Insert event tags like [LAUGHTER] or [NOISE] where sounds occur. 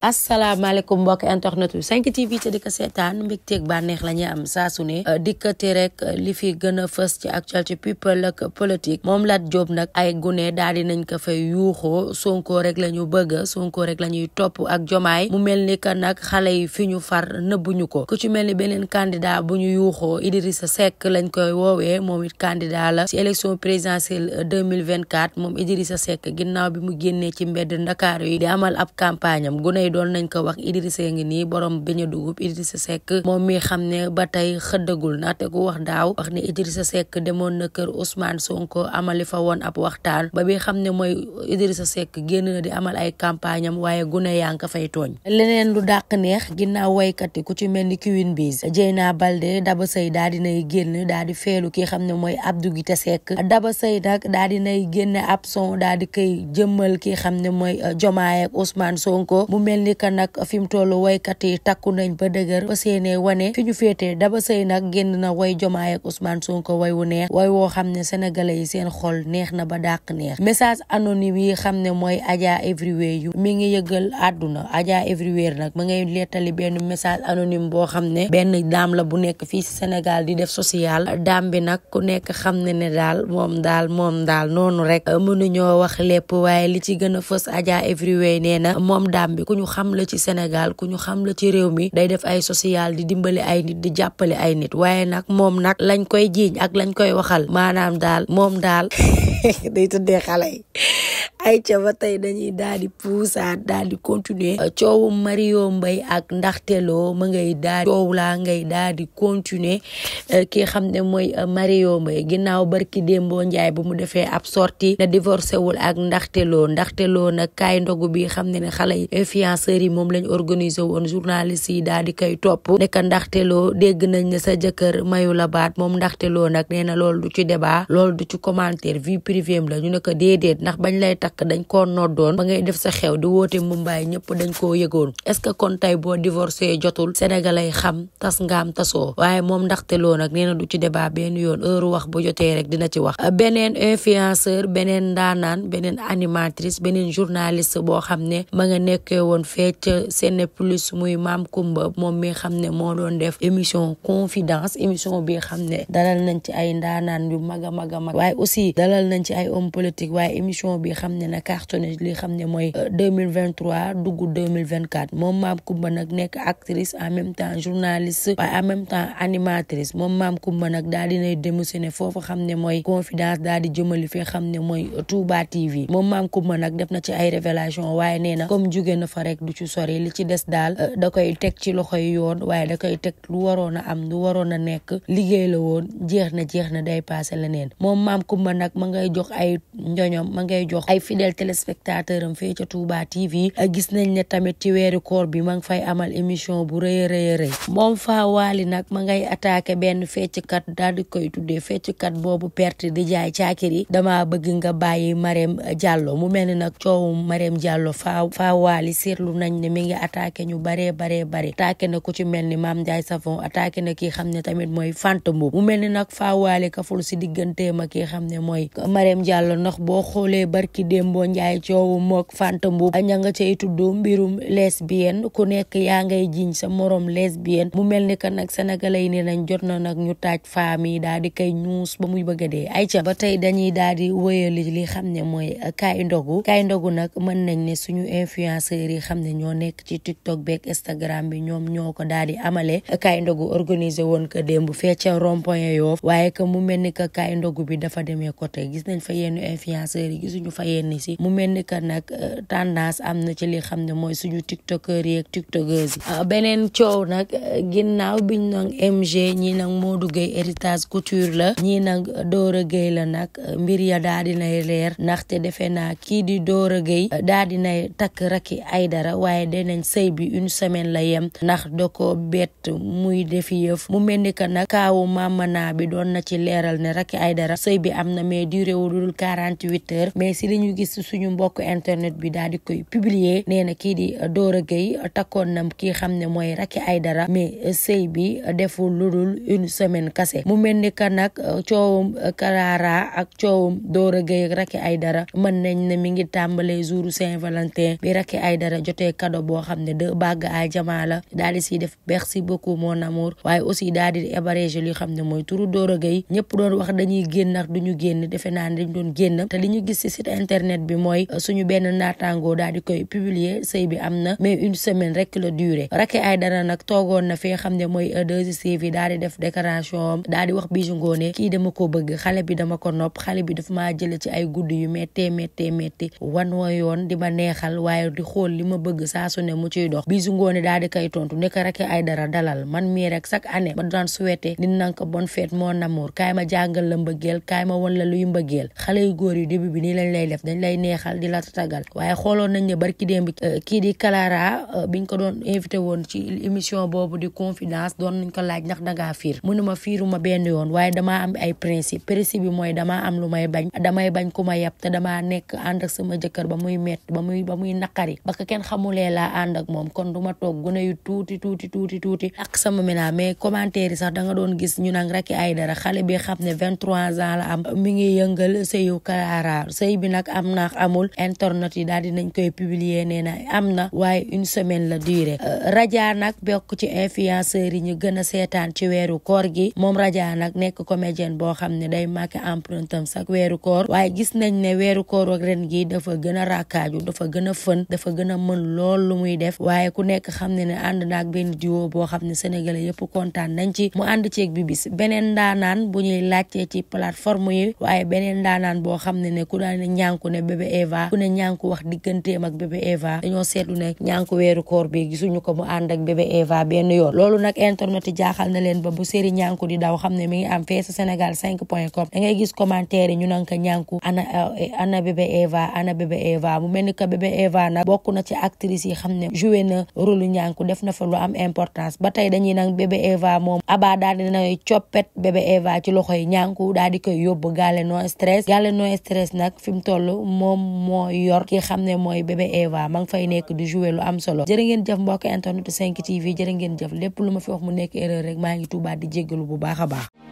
asalaamaaleykum mbokk internet yu 5 TV te di ko seetaan mbégteeg bànneex la ñuy am saa su ne uh, dikkati rek uh, li fi gën a fës ci actualité people ak politique moom Lat joob nag ay gune daal di nañ ko fay yuuxoo Sonko rek la ñu bëgg Sonko rek la ñuy topp ak jomaay mu mel ni que nag xale yi fi ñu far nëbbuñu ko ku ci mel ni beneen candidat bu ñu yuuxoo Idrissa Seck lañ koy woowee moom it candidat la ci élection présidentielle 2024 uh, moom Idrissa Seck ginnaaw bi mu génnee ci mbedd Ndakaaru yi di amal ab campagne am gune tey doon nañ ko wax Idrissa ngi nii borom beñ moom mi xam ne ba tey xëddagul ndaxte ku wax daaw wax ne Idrissa Seck demoon na kër Ousmane Sonko amali fa woon ab waxtaan ba bi xam ne mooy Idrissa Seck génn di amal ay campagne waaye gune yaa fay tooñ leneen lu dàq neex ginnaaw waykat yi ku ci mel ni Queen Biz Dieyna Baldé naa Sey daa dinay génn daa di feelu ki xam ne mooy Abdou Guité Seck Daba Sey nag daa dinay génn ab son daa di koy jëmmal ki xam ne mooy Jomaay ak Ousmane mel ni nag fi mu toll waykat yi takku nañ ba dëgër ba séenee wane fi ñu féetee Daba Seye nag génn na woy Jomaay ak Ousmane Sonko woy wu neex way woo xam ne sénégalais yi seen xol neex na ba dàq neex message anonyme yi xam ne mooy Adja Everywhere yu mi ngi yëgal àdduna Adja Everywhere nag ma ngay lettali benn message anonyme boo xam ne benn daam la bu nekk fii si Sénégal di def social daam bi nag ku nekk xam ne ne daal moom daal moom daal noonu rek mënuñoo wax lépp waaye li ci gën a fës Adja Everywhere nee na moom daam bi ku ñu xam la ci Sénégal ku ñu xam la ci réew mi day def ay sociale di dimbali ay nit di jàppale ay nit waaye nag moom nag lañ koy jiiñ ak lañ koy waxal maanaam daal moom daal [LAUGHS] day tuddee xale yi ayca ba tey dañuy daal di puusaat daal di continuer coowu Mario mbay ak ndaxteloo Lo ma ngay daal ngay daal di continuer eh, ki xam ne mooy eh, Mario mbay ginnaaw barki Dembo Ndiaye bu mu defee ab sorti na divorcé wul ak Ndaxte Lo Ndaxte Lo nag kaay ndogu bi xam ne ne xale yi influenceurs yi moom lañ organisé woon journalistes yi daal di koy topp ne ka Ndaxte Lo dégg nañ ne sa jëkkër mayu la baat moom Ndaxte Lo nag nee na loolu du ci debaa lool du ci commentaire vie privée takk dañ koo noddoon ba ngay def sa xew di woote Mumbaay ñëpp dañ koo yëgoon est-ce que kon tey boo divorcé jotul sénégalais xam tas ngaam tasoo waaye moom ndaxte loo nag nee na du ci débat benn yoon heure wax bu jotee rek dina ci wax beneen influenceur beneen ndaanaan beneen animatrice beneen journaliste boo xam ne ma nga nekkee woon fee ca Séné Plus muy maam Kumba moom mi xam ne moo doon def émission confidence émission bi xam ne dalal nañ ci ay ndaanaan yu mag a mag a mag waaye aussi dalal nañ ci ay homme politique waaye émission bi xam ne nag cartonné li xam ne mooy euh, mille vingt trois dugg deux mille vingt quatre moom maam Kumba nag nekk actrice en même temps journaliste waaye en même temps animatrice moom maam Kumba nag daal dinay démissionné foofu xam ne mooy confidence daal di jëmali fi xam ne mooy Touba TV moom maam Kumba nag def na ci ay révélation waaye nee na comme jóge na fa rek du ci sori li ci des daal euh, da koy teg ci loxo yi yoon waaye da koy teg lu waroon a am lu waroon a nekk liggéey la woon jeex na jeex na day passé leneen moom maam ma nag ma ngay jox ay njoñom ma ngay jox ay fidèle téléspectateur am fee TV gis nañ ne tamit ci weeru koor bi ma ngi fay amal émission bu rëy rëy rëy moom Faa Waali nag ma ngay attaqué benn fecckat daal di koy tuddee fecckat boobu perte di jaay caakiri dama bëgg nga bàyyi Marème Diallo mu mel ni nag coowu Marème Diallo Faa Faa Waali seetlu nañ ne mi ngi attaqué ñu baree baree bare attaqué na ku ci mel ni Mame sa Savon attaqué na kii xam ne tamit mooy Fanta mu mel ni nag Faa Waali kaful si digganteem ak kii xam ne démboo njaay coowu mook fanta mbub ña nga cay tudd mbirum lesbienne ku nekk yaa ngay jiñ sa morom lesbienne mu mel ni que nag sénégalais yi nee nañ jot na nag ñu taaj faam yi daal di kay ñuus ba muy bëgg dee ay ca ba tey dañuy daal di wëyali li xam ne mooy kaay ndogu kaay ndogu nag mën nañ ne suñu influenceurs yi xam ne ñoo nekk ci tiktok beeg instagram bi ñoom ñoo ko daal di amale ndogu woon que mu bi dafa demee côté gis nañ fa yenn influenceurs yi gisuñu fa yenn ni si mu mel ni que nag euh, tendance am na ci li xam ne mooy suñu tiktokeur yi ak tiktokeuses yi beneen coow nag euh, ginnaaw biñ nag MG ñii nag Modou Gueye héritage couture la ñii nag door a Gueye la nag euh, mbir ya daa dinay leer ndaxte defe naa kii di door Dora Gueye daa dinay takk raki ay dara waaye danañ sëy bi une semaine la yem ndax doo ko bett muy def yëf mu mel ni que nag kaawu mamanaa bi doon na ci leeral ne raki ay dara sëy bi am na mais durée dul quarante gis suñu mbokk internet bi daal di koy publier nee na kii di Dora Gueye takkoon na kii xam ne mooy Racky Aïdara mais sëy bi deful lu dul une semaine kase mu mel ni que nag coowum Karara ak coowum Dora Gueye ak Racky Aïdara mën nañ ne mu ngi tàmbalee jour Saint-Valentin bi ay dara jotee cadeau boo xam ne de bàgg ay jamaa la daal di siy def merci beaucoup mon amour waaye aussi daal di héberger li xam ne mooy turu Dora Gueye ñëpp doon wax dañuy génn ak du génn te li ñu gis site internet internet bi mooy euh, suñu benn naataangoo daal di koy publier sëy bi am na mais une semaine rek la durée ay dara nag toogoon na fi xam ne mooy 2STV euh, daal di def déclaration am di wax Bijou Ngoné kii dama ko bëgg xale bi dama ko nopp xale bi daf maa jële ci ay guddi yu méttee méttee métti wan wa yoon di ma neexal di xool li ma bëgg saa su ne mu ciy dox Bijou Ngoné daal di koy tontu ne ko Racky Aïdara dalal man mii rek chaque année ma daan souhaiter di nank bon fête moo amour kaay ma jàngal la mbëggeel kaay ma won la luy mbëggeel xale yu góor yu début bi nii lañ lay def dañ lay neexal di la tatagal waaye xooloon nañ ne barki démb euh, kii di bi euh, biñ ko doon invité woon ci émission boobu di confidence doon nañ ko laaj ndax dangaa fiir mënuma fiiruma benn yoon waaye damaa am ay principe principe bi mooy damaa am lu may bañ damay bañ ku ma yab te damaa nekk ànd ak sama jëkkër ba muy metti ba muy ba muy naqari parce que kenn xamulee laa ànd ak moom kon du ma toog gune yu tuuti tuuti tuuti tuuti ak sama ménage mais commentaire yi sax da nga doon gis ñu nag ay dara xale bi xam ne vingt-trois ans la am mi ngi yëngal sëyu am naax amul internet yi daal dinañ koy publier nee na am na waaye une semaine la durée euh, Raja nag bokk ci influenceurs yi ñu gën a seetaan ci weeru koor gi moom Raja nag nekk ko comédienne boo xam ne day marqué empreinte am weeru koor waaye gis nañ ne weeru koor ak ren gi dafa gën a rakkaaju dafa gën a fën dafa gën a mën lool lu muy def waaye ku nekk xam ne ne ànd naag benn duo boo xam ne sénégalais yëpp kontaan nañ ci mu ànd ceeg bi bis beneen ndaanaan boo xam ne ne ku ku ne bébé Eva ku ne ñaanku wax digganteem ak bébé Eva dañoo seetlu ne ñaanku weeru koor bi gisuñu ko bébé Eva nag ba bu série ñaanku di daw xam ne da ngay gis commentaire yi ñu nanka ñaanku eh, bébé Eva mu mel bébé Eva nag bokk ci actrice yi xam ne joué na rôle ñaanku def na fa lu am importance ba tey dañuy nag bébé Eva moom aba daal dina coppet bébé Eva ci loxoy ñaanku daal di koy yóbbu gaale no stress gaale no stress nag fi mu moom moo yor ki xam ne mooy bébé Eva ma ngi fay nekk di jouer lu am solo jërë ngeen jëf mbokk internet 5 TV jërë ngeen jëf lépp lu ma fi wax mu nekk erreur rek maa ngi tuubaat di jéggalu bu baax a baax